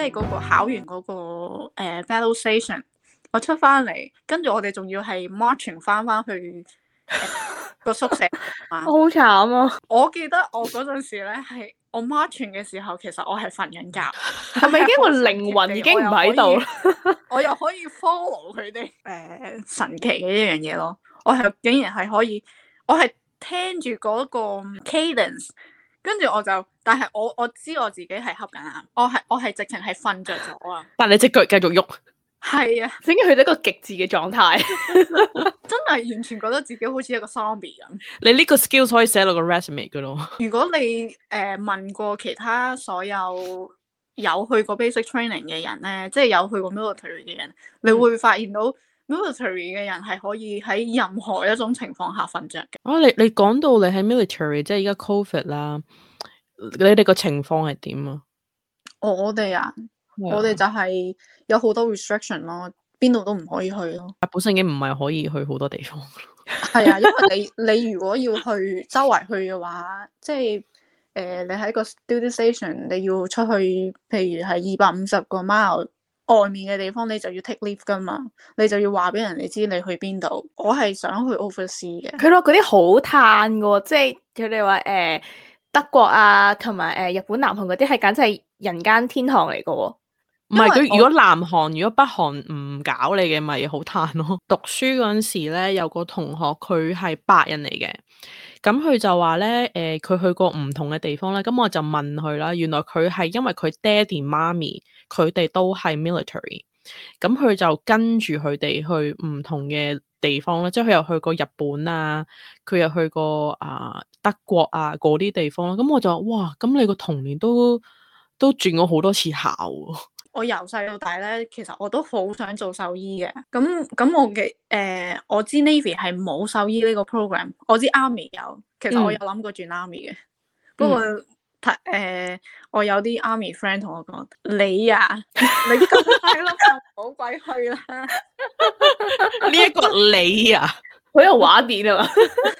即係嗰個考完嗰、那個誒 battle station，我出翻嚟，跟住我哋仲要係 marching 翻翻去個、呃、宿舍，好慘啊！ 我記得我嗰陣時咧係我 marching 嘅時候，其實我係瞓緊覺，係咪因為靈魂已經唔喺度？ 我又可以 follow 佢哋誒、呃、神奇嘅一樣嘢咯！我係竟然係可以，我係聽住嗰個 cadence。跟住我就，但係我我知我自己係瞌緊眼，我係我係直情係瞓着咗啊！但係你隻腳繼續喐，係啊，整到去到一個極致嘅狀態， 真係完全覺得自己好似一個 zombie 噉。你呢個 skills 可以寫落個 resume 㗎囉。如果你誒、呃、問過其他所有有去過 basic training 嘅人咧，即係有去過 military training 嘅人，你會發現到。嗯 Military 嘅人係可以喺任何一種情況下瞓着嘅。哦，你你講到你喺 Military，即係依家 COVID 啦，你哋個情況係點啊？哇我哋啊，我哋就係有好多 restriction 咯，邊度都唔可以去咯。啊，本身已經唔係可以去好多地方。係啊，因為你你如果要去周圍去嘅話，即係誒，你喺個 studio station，你要出去，譬如係二百五十個 mile。外面嘅地方你就要 take leave 㗎嘛，你就要話俾人哋知你去邊度。我係想去 overseas 嘅。佢話嗰啲好嘆嘅喎，即係佢哋話誒德國啊，同埋誒日本、南韓嗰啲係簡直係人間天堂嚟嘅喎。唔係佢如果南韓如果北韓唔搞你嘅咪好嘆咯。讀書嗰陣時咧，有個同學佢係白人嚟嘅。咁佢就話咧，誒、呃、佢去過唔同嘅地方咧，咁我就問佢啦，原來佢係因為佢爹哋媽咪佢哋都係 military，咁佢就跟住佢哋去唔同嘅地方咧，即係佢又去過日本啊，佢又去過啊、呃、德國啊嗰啲地方啦，咁我就話哇，咁你個童年都都轉過好多次校。我由細到大咧，其實我都好想做獸醫嘅。咁咁我嘅誒、呃，我知 navy 係冇獸醫呢個 program，我知 army 有。其實我有諗過轉 army 嘅，嗯、不過，誒、呃，我有啲 army friend 同我講、嗯，你啊，你咁細佬好鬼去啦。呢 一 個你啊，好有畫面啊！